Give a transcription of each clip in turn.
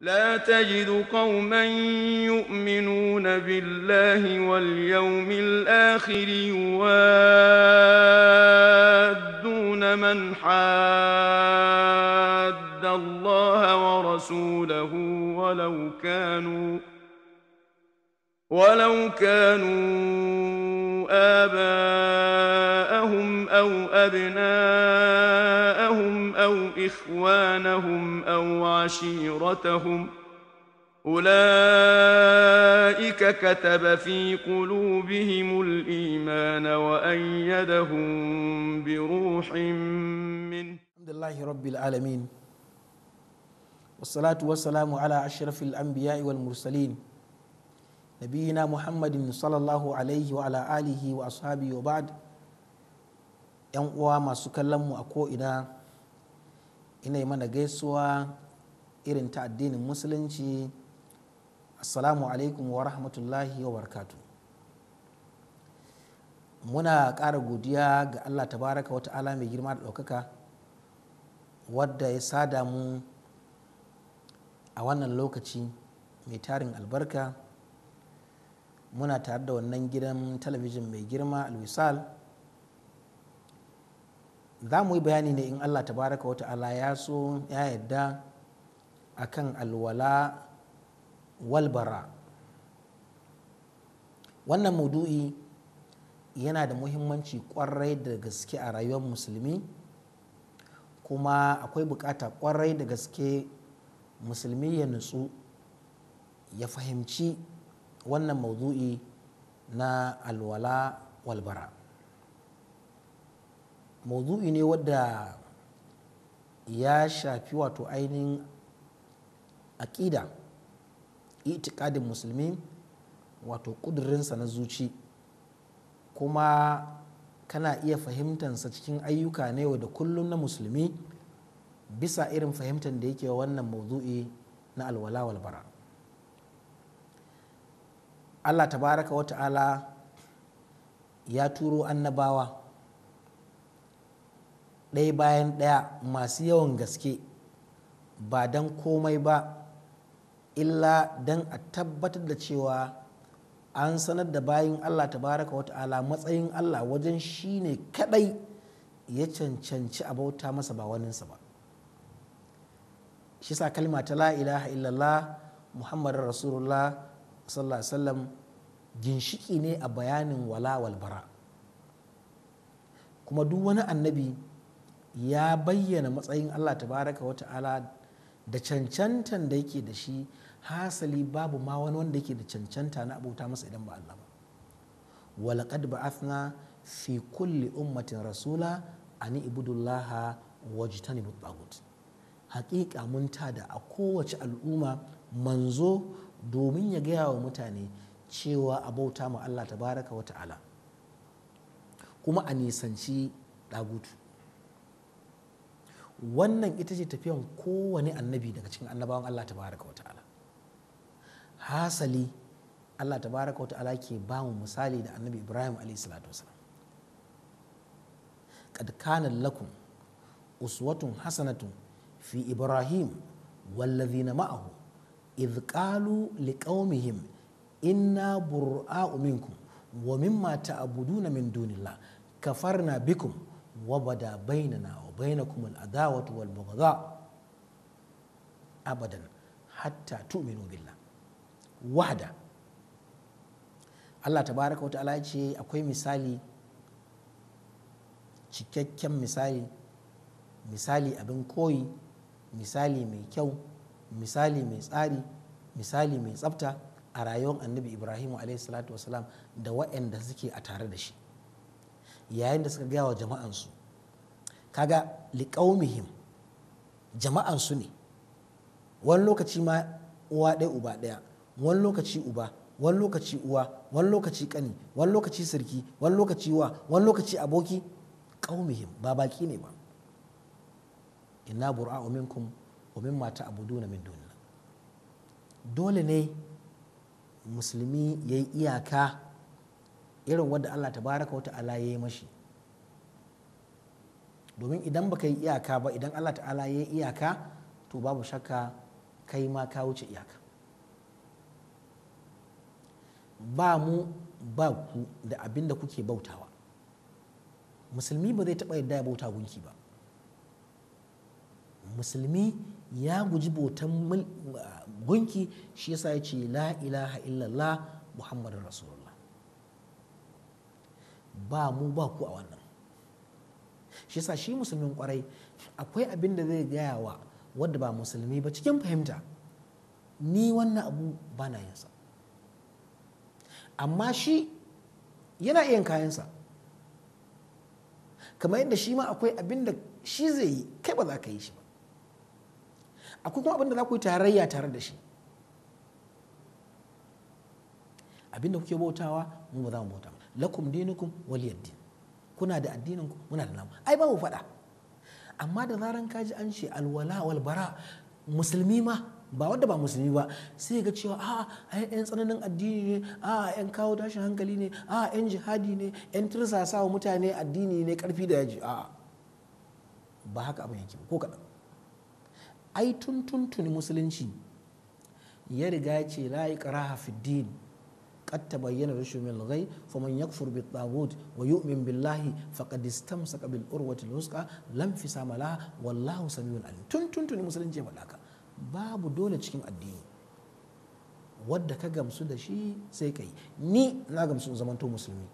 لا تجد قوما يؤمنون بالله واليوم الآخر يوادون من حاد الله ورسوله ولو كانوا ولو كانوا آباءهم أو أبناءهم أو إخوانهم أو عشيرتهم أولئك كتب في قلوبهم الإيمان وأيدهم بروح منه الحمد لله رب العالمين والصلاة والسلام على أشرف الأنبياء والمرسلين نبينا محمد صلى الله عليه وعلى آله وأصحابه وبعد 'yan uwa masu kallon mu a ko'ina ina mana gaisuwa irin ta addinin musulunci assalamu alaikum wa rahmatullahi wa barkatu muna ƙara godiya ga allah ta baraka wata ala mai girma da ɗaukaka wadda ya sada mu a wannan lokaci mai tarin albarka muna tare da wannan gidan talabijin mai girma alwisal za mu yi bayani ne in allah tabaraka wa ta'ala ya so ya yadda akan alwala walbara wannan mudu'i yana da muhimmanci kwarai da gaske a rayuwar musulmi kuma akwai bukata kwarai da gaske musulmi ya nutsu ya fahimci wannan maudu'i na alwala walbara maudu'i ne wadda ya shafi wato ainihin aƙida itikadin musulmi wato ƙudurinsa na zuci kuma kana iya fahimtansa cikin ayyuka na yau da kullum na musulmi bisa irin fahimtar da yake wannan maudu'i na alwala walbara Allah tabaraka wa ta'ala ya turo annabawa ɗaya bayan ɗaya masu yawan gaske ba don komai ba illa don a tabbatar da cewa an sanar da bayan allah tabaraka wa ta'ala matsayin allah wajen shi ne kaɗai ya cancanci a bauta masa ba waninsa ba shi sa kalma ta la ilaha illallah muhammadin rasulullah sallallahu alaihi wasallam ginshiki ne a bayanin wala walbara kuma duk wani annabi ya bayyana matsayin Allah tabaraka wa ta'ala da cancantan da yake da shi hasali babu ma wani wanda yake da cancanta na abota masa idan ba Allah ba walaqad ba'athna fi kulli ummatin rasula an ibudullaha wajtanibut tagut Hakika mun tada a kowace al'umma manzo domin ya gaya wa mutane cewa a bauta ma Allah tabaraka wa ta'ala kuma a nisanci dagutu. wannan ita ce tafiyan kowane annabi daga cikin annabawan Allah tabaraka wa ta'ala hasali Allah tabaraka wa ta'ala ke ba mu misali da annabi Ibrahim alayhi salatu wasalam qad kana lakum uswatun hasanatun fi Ibrahim wallazina ma'ahu idh qalu liqaumihim inna bura'u minkum wa mimma ta'buduna min dunillah kafarna bikum wa bada bainana bainakum al-adawatu wal bughdha abadan hatta tu'minu billah wahda Allah tabaraka wa ta'ala ce akwai misali cikakken misali misali abin koyi misali mai kyau misali mai tsari misali mai tsafta a rayuwar annabi ibrahim AS da wa'anda suke a tare da shi yayin da suka gaya wa jama'ansu kaga liƙaumihim jama'an su ne wani lokaci ma uwa ɗaya uba ɗaya wani lokaci uba wani lokaci uwa wani lokaci ƙani wani lokaci sirki wani lokaci wa wani lokaci aboki ƙaumihim ba baki ne ba Ina bur'a omin mata mimma na min duniya. dole ne musulmi ya yi iyaka irin wadda Allah ta baraka wata Ala ya yi mashi domin idan baka yi iyaka ba idan Allah ta'ala ya yi iyaka to babu shakka kai ma ka wuce iyaka ba mu ba ku da abin da kuke bautawa musulmi ba zai taɓa yadda ya bauta gunki ba musulmi ya guji bautan gunki shi yasa ya ce la ilaha illallah muhammadun rasulullah ba mu ba ku a wannan shi yasa shi musulmin kwarai akwai abin da zai gaya wa wadda ba musulmi ba cikin fahimta ni wannan abu ba na yinsa amma shi yana iya kayansa kamar yadda shi ma akwai abin da shi zai yi kai ba za ka yi shi ba akwai kuma abin da za ku yi tarayya tare da shi abin da kuke bautawa mu ba za mu bauta lakum dinukum waliyad kuna da addinin ku muna da namu ai babu faɗa amma da zaran ka ji an ce alwala wal bara musulmi ma ba wadda ba musulmi ba sai ga cewa a a yan tsananin addini ne a yan kawo tashin hankali ne a yan jihadi ne yan tirsasa wa mutane addini ne karfi da yaji a ba haka abin yake ko kaɗan ai tun musulunci ya riga ce la fi din قد تبين الرشد من الغي فمن يكفر بالطاغوت ويؤمن بالله فقد استمسك بالعروة الوثقى لا انفصام لها والله babu dole cikin addini wadda ka gamsu da shi sai kai ni na gamsu zamanto musulmi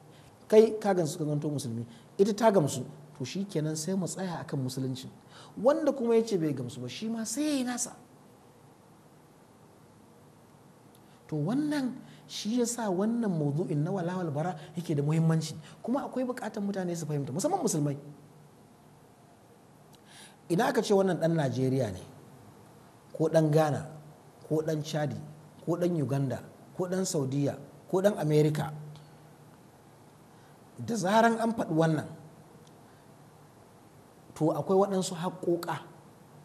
kai ka gamsu ka zamanto musulmi ita ta gamsu to shi kenan sai mu tsaya akan musulunci wanda kuma ya ce bai gamsu ba shi ma sai ya yi nasa to wannan shi ya sa wannan mawdu'in na walawal bara yake da muhimmanci kuma akwai bukatar mutane su fahimta musamman musulmai ina aka ce wannan dan Najeriya ne ko dan Ghana ko dan Chadi ko dan Uganda ko dan Saudiya ko dan America da zaran an faɗi wannan to akwai waɗansu haƙoƙa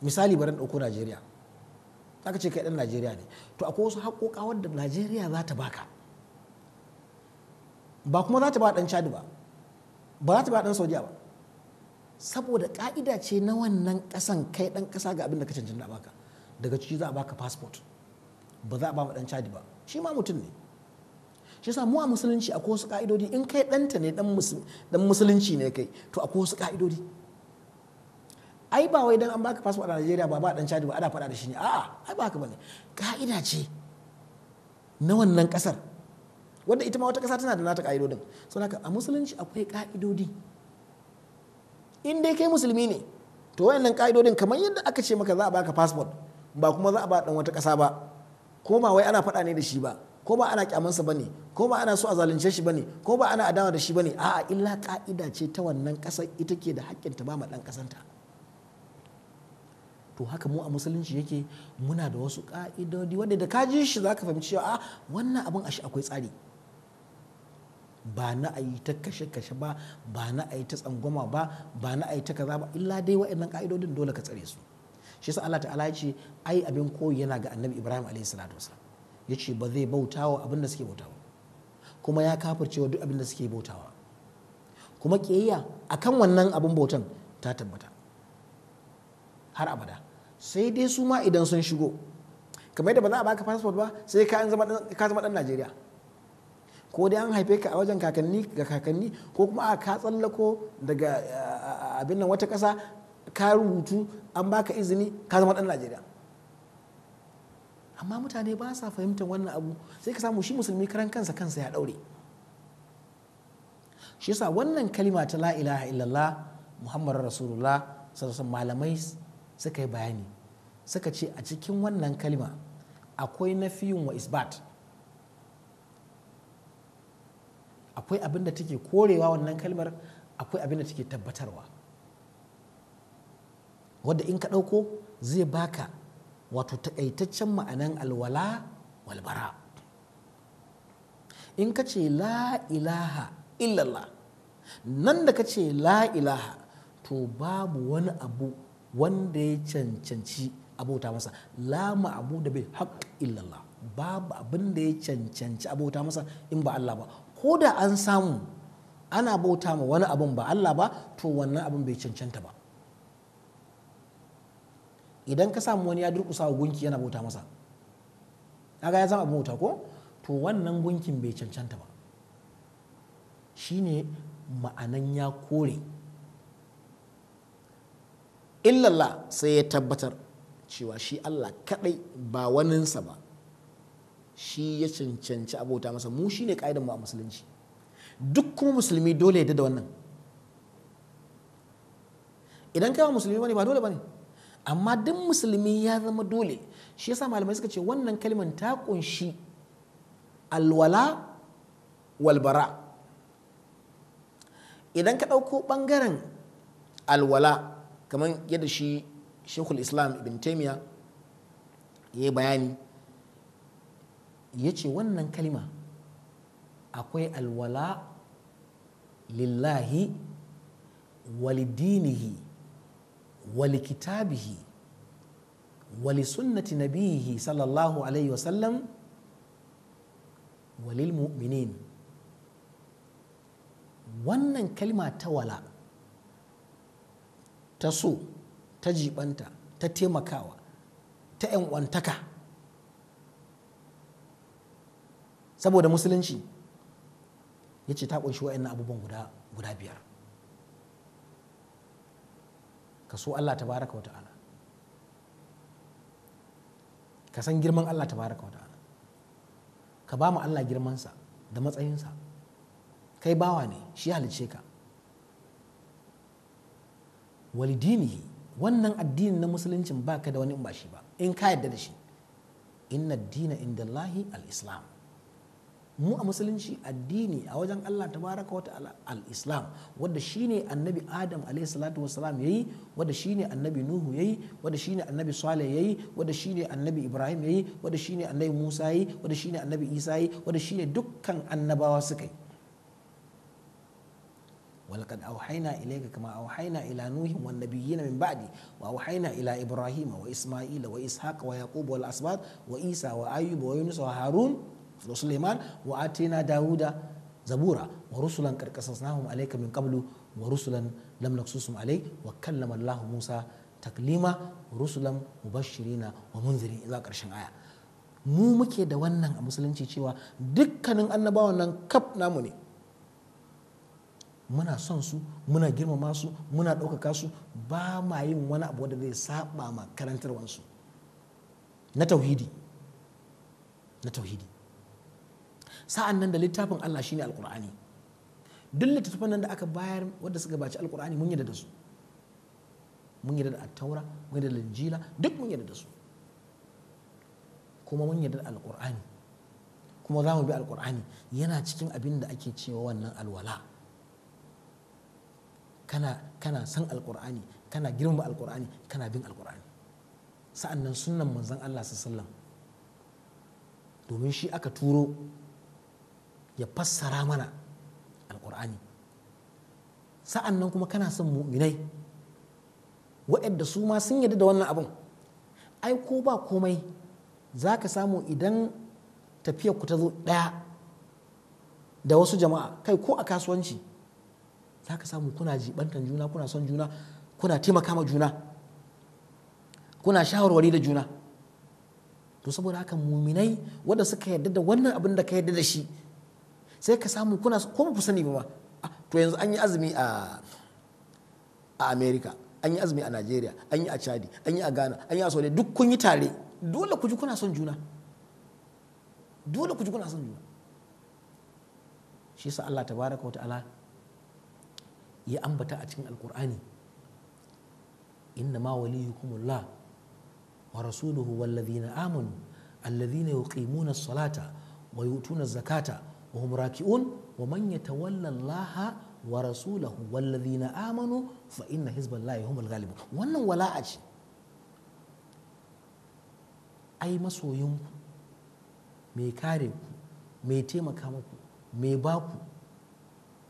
misali barin ɗauko Najeriya zaka ce kai dan Najeriya ne to akwai wasu haƙoƙa wanda Najeriya za ta baka ba kuma za ta ba dan Chad ba ba za ta ba dan Saudiya ba saboda ka'ida ce na wannan kasan kai dan kasa ga abin da ka cancanta baka daga ciki za a baka passport ba za a ba dan Chad ba shi ma mutum ne shi yasa mu a musulunci akwai wasu ka'idodi in kai danta ne dan musulunci ne kai to akwai wasu ka'idodi ai ba wai dan an baka fasfo a Najeriya ba ba dan Chad ba ana faɗa da shi ne a'a ai ba haka bane ka'ida ce na wannan kasar wanda ita ma wata kasa tana da nata ka'idodin saboda haka a musulunci akwai ka'idodi in dai kai musulmi ne to wayannan ka'idodin kamar yadda aka ce maka za a baka fasfo ba kuma za a ba dan wata kasa ba ko ba wai ana faɗa ne da shi ba ko ba ana kyamansa ba ko ba ana so a zalunce shi ba ne ko ba ana adawa da shi ba a'a illa ka'ida ce ta wannan kasar ita ke da hakkin ta ba ma ɗan ƙasanta to haka mu a musulunci yake muna da wasu ka'idodi wanda da kaji shi za ka fahimci cewa a ah, wannan abin ashe akwai tsari ba na a yi ta kashe-kashe ba ba na a yi ta tsangwama ba ba na a yi ta kaza ba illa dai waɗannan ka'idodin dole ka tsare su shi sa Allah ta'ala ya ce ai abin koyi yana ga annabi Ibrahim alaihi salatu wasalam ya ce ba zai bautawa abin da suke bautawa kuma ya wa duk abin da suke bautawa kuma kiyayya akan wannan abin bautan ta tabbata har abada sai dai su ma idan sun shigo kamar yadda ba za a baka passport ba sai ka zama dan najeriya ko dai an haife ka a wajen kakanni ga kakanni ko kuma a ka tsallako daga abin nan wata kasa ka rubutu an baka izini ka zama dan najeriya amma mutane ba sa fahimtar wannan abu sai ka samu shi musulmi karan kansa kansa ya daure shi yasa wannan kalima ta la ilaha illallah muhammad rasulullah sallallahu malamai suka yi bayani suka ce a cikin wannan kalima akwai na nafiyin wa isbat akwai abin da take korewa wannan kalmar akwai abin da take tabbatarwa wadda in ka ɗauko zai baka wato takaitaccen ma'anan alwala walbara in ka ce la illallah nan da ka ce la to babu wani abu wanda ya cancanci abota masa la ma'abu da bil haqq illallah babu abin da ya cancanci abota masa in ba Allah ba ko da an samu ana bauta ma wani abin ba Allah ba to wannan abin bai cancanta ba idan ka samu wani ya durkusa wa gunki yana bauta masa kaga ya zama bauta ko to wannan gunkin bai cancanta ba shine ma'anan ya kore illallah sai ya tabbatar cewa shi Allah kadai ba waninsa ba shi ya cancanci abota masa mu shi ne ƙa'idan mu a musulunci duk kuma musulmi dole ya da wannan idan kai ba musulmi bane ba dole bane amma duk musulmi ya zama dole shi yasa malamai suka ce wannan kalman ta kunshi alwala walbara idan ka ɗauko ɓangaren alwala kamar yadda shi shekul islam ibn taimiya ya yi bayani ya ce wannan kalima akwai alwala lillahi walidinihi walikitabihi walisunnati nabihi sallallahu alaihi wasallam walilmu'minin wannan kalima ta wala' ta so ta jibanta ta taimakawa ta ‘yan’wantaka saboda musulunci ya ce ta ƙunshi wa'in abubuwan guda biyar ka so Allah ta baraka wa ta'ala ka san girman Allah ta baraka wa ta'ala ka ba mu Allah girmansa da matsayinsa kai bawa ne shi halice ka walidinihi wannan addinin na musuluncin ba ka da wani ba shi ba in ka yadda da shi inna dina inda lahi al-islam mu a musulunci addini a wajen Allah ta baraka wata al-islam wanda shine annabi adam alayhi salatu yi yayi shi shine annabi nuhu yayi shi shine annabi salih yayi shi shine annabi ibrahim yayi shi shine annabi musa yayi shi shine annabi isa yayi shi shine dukkan annabawa suka yi walaqad auhaina ilayka kama auhaina ila nuhin wan nabiyyin min ba'di wa auhaina ila ibrahima wa isma'ila wa ishaqa wa yaqub wal asbat wa isa wa ayyub wa yunus wa harun wa sulaiman wa atina dauda zabura wa rusulan qad qasasnahum alayka min qablu wa rusulan lam naqsusum wa kallama allah musa taklima wa rusulan mubashirina wa munzirin zuwa karshin aya mu muke da wannan a musulunci cewa dukkanin annabawan nan kaf namu ne muna son su muna girmama su muna ɗaukaka su ba ma yin wani abu da zai saba ma karantarwansu na tauhidi na tauhidi sa'an nan da littafin Allah shine alkur'ani duk littattafan nan da aka bayar wadda suka baci alkur'ani mun yarda da su mun yarda da attaura mun yarda da linjila duk mun yarda da su kuma mun yarda da alkur'ani kuma za mu bi alkur'ani yana cikin abin da ake cewa wannan alwala' kana kana san alkur'ani kana girma alkur'ani kana bin alkur'ani sa'annan sunnan manzon Allah sallam domin shi aka turo ya fassara mana alkur'ani nan kuma kana son mu'minai waɗanda su ma sun yarda da wannan abin ai ko ba komai za ka samu idan tafiyar ku ta zo ɗaya da wasu jama'a kai ko a kasuwanci za ka samu kuna jibantan juna kuna son juna kuna taimaka ma juna kuna shawarwari da juna to saboda haka muminai wanda suka yarda da wannan abin da ka yarda da shi sai ka samu kuna ko ku sani ba to yanzu an yi azumi a a America an yi azumi a Nigeria an yi a Chadi an yi a Ghana an yi a Saudi duk kun yi tare dole ku ji kuna son juna dole ku ji kuna son juna shi yasa Allah tabaraka wa ta'ala ya ambata a cikin alkur'ani inna ma waliyukumullah wa rasuluhu wallazina amanu allazina yuqimuna as-salata wa yutuna zakata wa hum raki'un wa man yatawalla Allah wa rasulahu wallazina amanu fa inna hizballahi humul ghalibun wannan wala'a ce ai masoyinku mai kare ku mai taimaka muku mai baku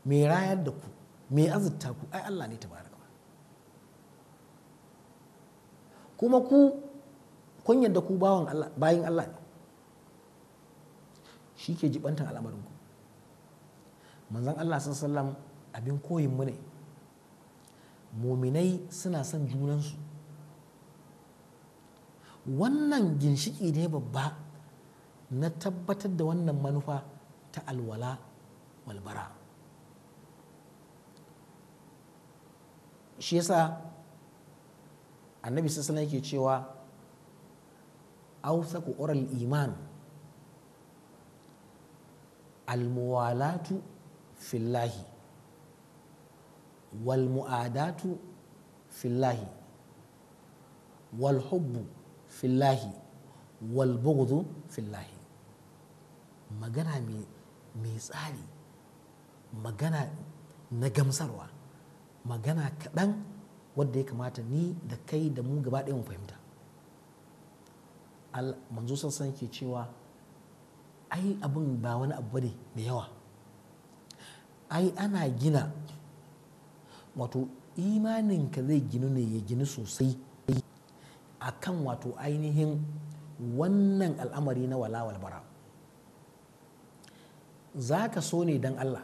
mai rayar da ku me azurta ku ai Allah ne tabaraka kuma ku kun yadda ku bawan Allah bayin Allah ne shi ke jibantan al'amarin ku manzon Allah sallallahu abin koyin mu ne muminai suna son junansu wannan ginshiki ne babba na tabbatar da wannan manufa ta alwala walbara shi yasa annabi sassana yake cewa ausaku oral iman almuwalatu fillahi walmu'adatu fillahi walhubbu fillahi walbugdu fillahi magana mai tsari magana na gamsarwa magana kaɗan wadda ya kamata ni da kai da mu gaba ɗaya mu fahimta manzo sassan ke cewa ai abin ba wani abu ne da yawa ai ana gina wato imaninka zai ginu ne ya ginu sosai a kan wato ainihin wannan al'amari na walawal bara za ka so ne don allah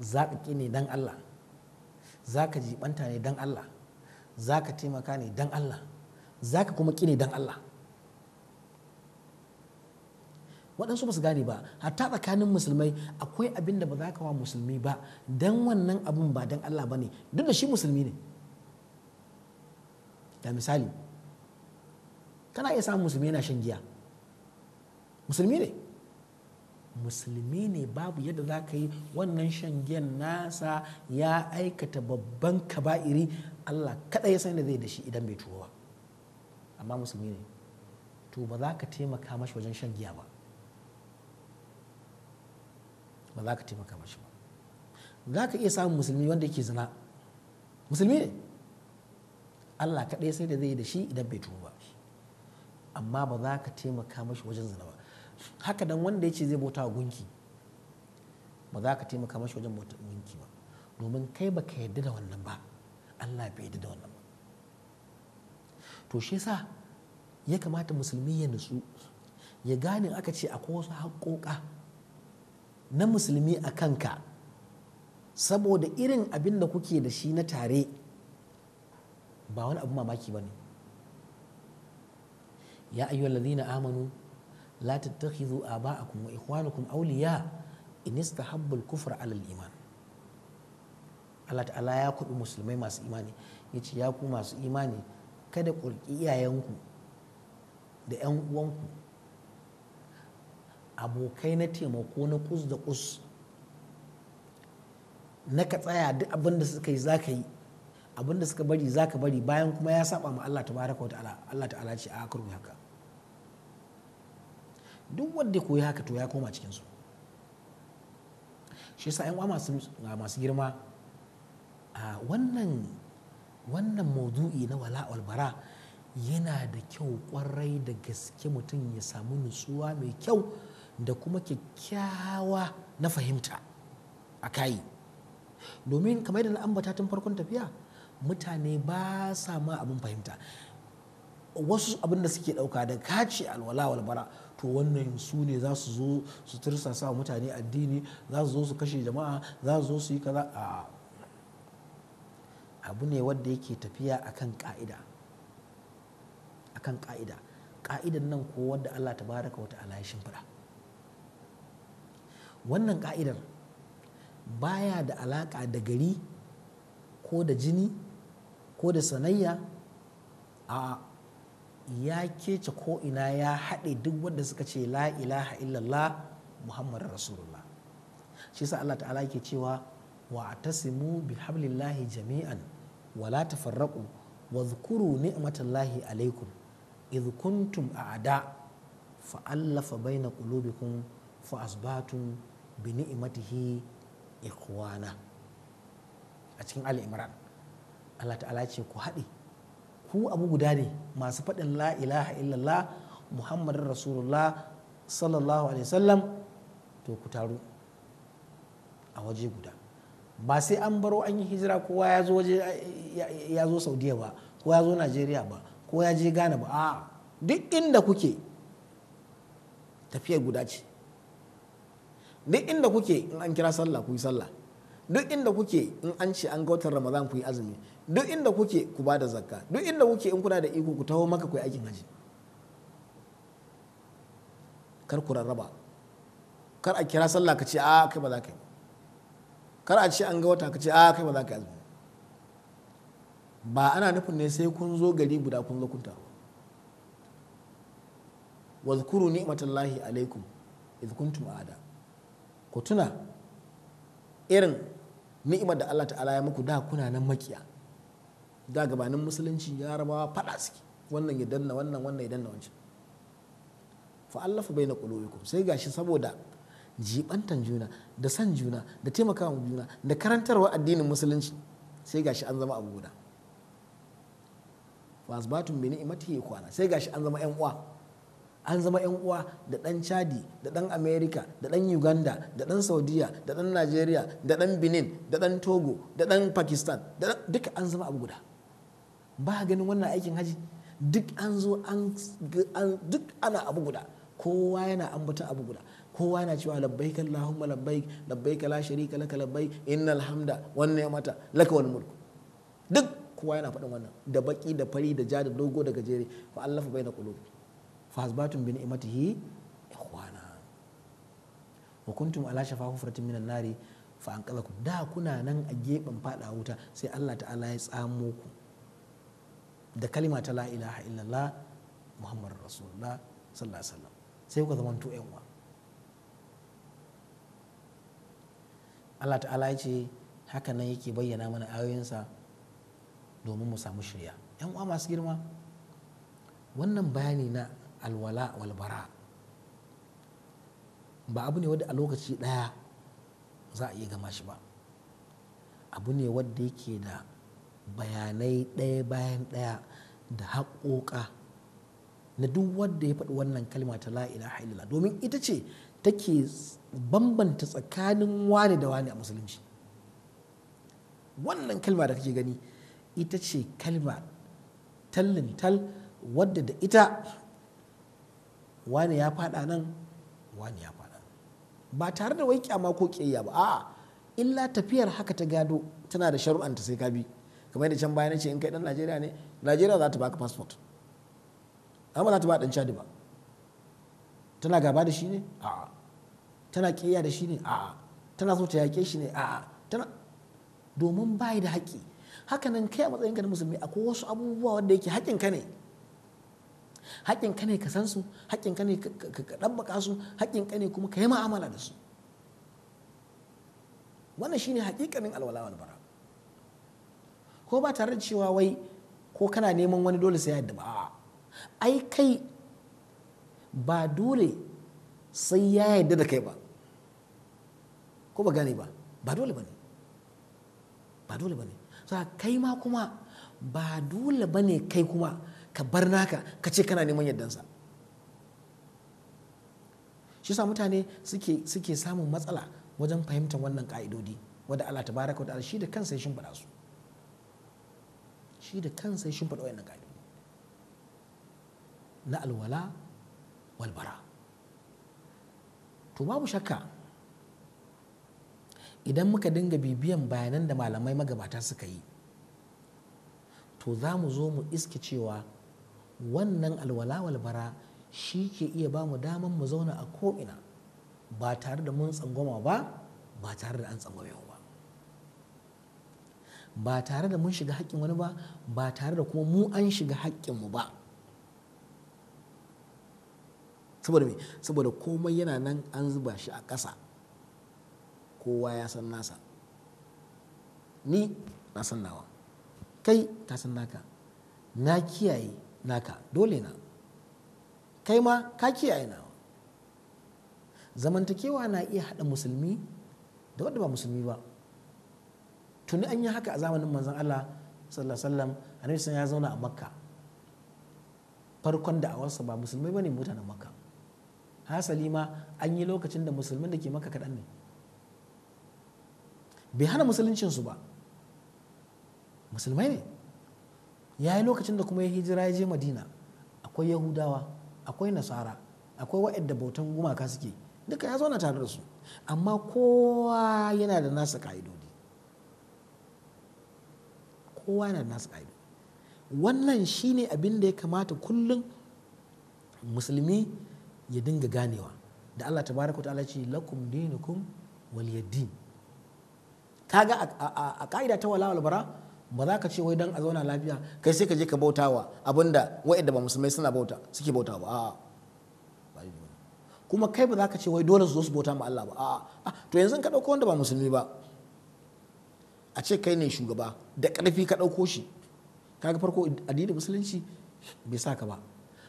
za ka ne don allah za ka jibanta ne don Allah za ka taimaka ne don Allah za ka kuma kine ne don Allah waɗansu ba su gane ba hatta tsakanin musulmai akwai abin da ba za ka wa musulmi ba don wannan abin ba don Allah ba ne duk da shi musulmi ne da misali kana iya samun musulmi yana shan giya musulmi ne musulmi ne babu yadda za ka yi wannan giyan nasa ya aikata babban kaba'iri Allah kaɗai ya sani da zai da shi idan bai tuwo ba amma musulmi ne to ba za ka taimaka mashi wajen shan giya ba ba za ka taimaka mashi ba za ka iya samun musulmi wanda yake zina musulmi ne Allah kaɗai sai da zai da shi idan bai tuwo ba amma ba za ka taimaka mashi wajen zina ba haka dan wanda ya ce zai bauta wa gunki ba za ka taimaka mashi wajen bauta gunki ba domin kai ba ka yarda da wannan ba Allah bai yarda da wannan ba to shi sa ya kamata musulmi ya nutsu ya gane aka ce akwai wasu haƙoƙa na musulmi a kanka saboda irin abin da kuke da shi na tare ba wani abu mamaki ba ne ya ayyuhallazina amanu la tattakhidhu aba'akum wa kuma awliya in istahabbu al-kufra iman Allah ta'ala ya kudu musulmai masu imani ce ya ku masu imani kada ku iyayenku da 'yan uwanku abokai na taimako na kus da kus na ka tsaya duk abin suka yi zaka yi abin suka bari zaka bari bayan kuma ya saba ma Allah baraka wa ta'ala Allah ta'ala ce a haka duk wanda koyi haka to ya koma cikin su shi yasa 'yan uwa masu girma a wannan wannan maudu'i na wala bara yana da kyau kwarai da gaske mutum ya samu nutsuwa mai kyau da kuma kyakkyawa na fahimta a kayi domin kamar yadda na ambata tun farkon tafiya mutane ba sa ma abin fahimta wasu abin da suke ɗauka da kaci alwala walbara to wannan su ne za su zo su tirsasa mutane addini za su zo su kashe jama'a za su zo su yi kaza a abu ne wanda yake tafiya akan ka'ida akan ka'ida ka'idan nan ko wanda Allah ta baraka wata ala ya shimfiɗa wannan ka'idar baya da alaƙa da gari ko da jini ko da sanayya a ya kece ko'ina ya haɗe duk wanda suka ce la ilaha illallah muhammad rasulullah shi sa allah ta'ala ke cewa wa atasimu bi hablillahi jami'an wa la tafarraqu wa dhkuru ni'matallahi alaikum idh kuntum a'da fa allafa baina qulubikum fa asbatum bi ni'matihi ikhwana a cikin ali allah ta'ala ce ku haɗe ku abu guda ne masu faɗin la ilaha illallah muhammadin rasulullah sallallahu alaihi wasallam to ku taru a waje guda ba sai an baro an yi hijira kowa ya zo waje ya zo saudiya ba ko ya zo najeriya ba ko ya je ghana ba a duk inda kuke tafiyar guda ce duk inda kuke in an kira sallah ku yi sallah duk inda kuke in an ce an gautar ramadan ku yi azumi duk inda kuke ku ba da zakka duk inda kuke in kuna da iko ku taho maka ku yi aikin haji kar ku rarraba kar a kira sallah ka ce a kai ba za ka yi kar a ce an ga wata ka ce a kai ba za ka yi ba ana nufin ne sai kun zo gari guda kun zo kun taro wazkuru ni'matallahi alaikum idh kuntum ada ku tuna irin ni'imar da Allah ta'ala ya muku da kuna nan makiya da gabanin musulunci yarabawa faɗa suke wannan ya danna wannan wannan ya danna wancan fa'allafa bai na ƙulubikum sai gashi saboda jibantan juna da san juna da taimakawa juna da karantarwa addinin musulunci sai gashi an zama abu guda fasbatun bi ni'imati ya kwana sai gashi an zama yan uwa an zama yan uwa da dan chadi da dan america da dan uganda da dan saudiya da dan nigeria da dan benin da dan togo da dan pakistan duka an zama abu guda ba ganin wannan aikin haji duk an zo an duk ana abu guda kowa yana ambata abu guda kowa yana cewa labbaik allahumma labbaik labbaik la sharika laka labbaik innal hamda ya mata laka wal mulku duk kowa yana faɗin wannan da baki da fari da ja da dogo da gajere fa allafa baina qulubi fa hasbatun bi ni'matihi ikhwana wa kuntum ala shafa hufratin minan nari fa anqadhakum da kuna nan a gefen fada wuta sai Allah ta'ala ya tsamo ku da kalima ta la ilaha illallah muhammad rasulullah sallallahu alaihi sai kuka zama to uwa Allah ta'ala ya ce haka nan yake bayyana mana ayoyinsa domin mu samu shirya yan uwa masu girma wannan bayani na alwala walbara ba abu ne wadda a lokaci ɗaya za a iya gama shi ba abu ne wadda yake da bayanai ɗaya bayan ɗaya da haƙoƙa na duk wanda ya faɗi wannan kalma ta la'ila ha'ilala domin ita ce take bambanta tsakanin wane da wane a musulunci wannan kalma da kake gani ita ce kalma tallin tal wadda da ita wane ya faɗa nan wane ya faɗa ba tare da wai kyama ko ƙiyayya ba a'a illa tafiyar haka ta gado tana da shari'anta sai ka bi kamar yadda can baya ce in kai dan Najeriya ne Najeriya za ta baka passport amma za ta ba dan chadi ba tana gaba da shi ne a'a tana kiyaya da shi ne a'a tana so ta yake shi ne a'a tana domin bai da haka hakanan kai a ka na musulmi akwai wasu abubuwa wanda yake ka ne ka ne ka san su ka ne ka ɗabbaka su ka ne kuma ka yi ma'amala da su wannan shine hakikanin alwala wal bara ko ba tare da cewa wai ko kana neman wani dole sai yadda ba ai kai ba dole sai ya yadda da kai ba ko ba gane ba ba dole ba ne ba dole ba ne kai ma kuma ba dole ba ne kai kuma ka bar naka ka ce kana neman sa, shi sa mutane suke samun matsala wajen fahimtar wannan ka'idodi wadda Allah baraka wadda Allah shi da kansa ya shimfiɗa su shi da kansa shi faɗa wayan ƙa'idu na alwala walbara to babu shakka idan muka dinga bibiyan bayanan da malamai magabata suka yi to za mu zo mu iske cewa wannan alwala walbara shi ke iya ba mu daman mu zauna a ko'ina ba tare da mun tsangwama ba ba tare da an tsangwame ba ba tare da mun shiga haƙƙin wani ba ba tare da kuma mu an shiga haƙƙinmu ba saboda me saboda komai yana nan an zuba shi a ƙasa kowa ya san nasa ni na san nawa kai ka san naka na kiyaye naka dole na kai ma ka kiyaye nawa zamantakewa na iya haɗa musulmi da wadda ba musulmi ba tuni an yi haka a zamanin manzon Allah sallallahu alaihi wasallam annabi ya zauna a makka farkon da awarsa ba musulmai bane mutanen makka hasali ma an yi lokacin da musulmin da ke makka kaɗan ne bai hana musuluncinsu ba musulmai ne ya yi lokacin da kuma ya hijira ya je madina akwai yahudawa akwai nasara akwai wa'adda bautan gumaka suke duka ya zauna tare da su amma kowa yana da nasa ka'ido kowa na nasu aibi wannan shine abin da ya kamata kullum musulmi ya dinga ganewa da Allah tabaraka ta'ala ce lakum dinukum waliyadin kaga a ka'ida ta wala bara ba za ka ce wai dan a zauna lafiya kai sai ka je ka bautawa abinda wa'anda ba musulmai suna bauta suke bauta ba a'a kuma kai ba za ka ce wai dole su zo su bauta ma Allah ba a'a to yanzu ka dauko wanda ba musulmi ba a ce kai ne shugaba da ƙarfi ka ɗauko shi kaga farko addinin musulunci bai sa ka ba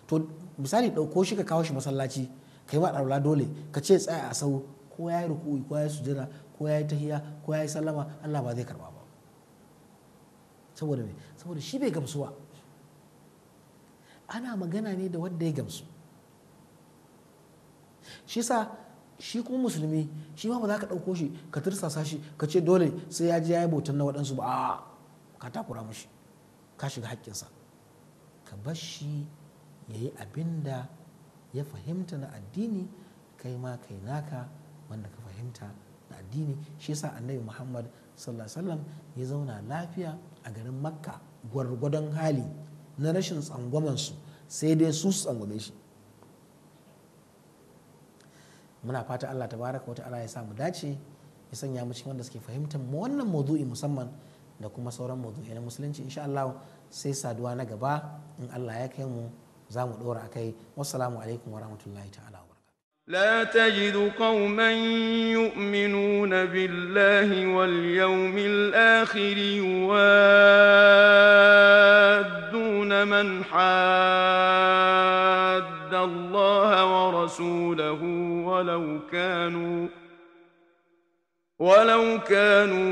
to misali ɗauko shi ka kawo shi masallaci ka yi ɗaula dole ka ce tsaya a sau ko ya yi ruku'i ko ya yi sujira ko ya yi tahiya ko ya yi sallama Allah ba zai karba ba saboda me saboda shi bai gamsuwa ana magana ne da wanda ya gamsu shi sa shi kuma musulmi shi ma ba za ka ɗauko shi ka tirsasa shi ka ce dole sai ya ji ya yi bautan na waɗansu ba a ka takura mushi ka shiga haƙƙinsa ka bar shi ya yi abin da ya fahimta na addini kai ma kai naka wanda ka fahimta na addini shi yasa annabi muhammad sallallahu ya zauna lafiya a garin makka gwargwadon hali na rashin tsangwamansu sai dai su tsangwame shi muna fata Allah tabaraka wa ta'ala ya samu dace ya sanya mu cikin wanda suke fahimtar wannan maudu'i musamman da kuma sauran maudu'i na musulunci insha Allah sai saduwa na gaba in Allah ya kai mu za mu dora akai wassalamu alaikum wa rahmatullahi ta'ala لا تجد قوما يؤمنون بالله واليوم الآخر يوادون من حاد وَعَدَ اللَّهَ وَرَسُولَهُ وَلَوْ كَانُوا وَلَوْ كَانُوا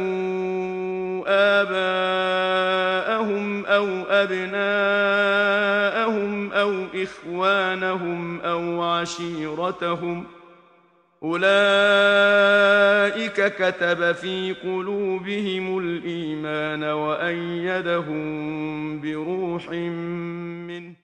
آبَاءَهُمْ أَوْ أَبْنَاءَهُمْ أَوْ إِخْوَانَهُمْ أَوْ عَشِيرَتَهُمْ ۚ أولئك كتب في قلوبهم الإيمان وأيدهم بروح منه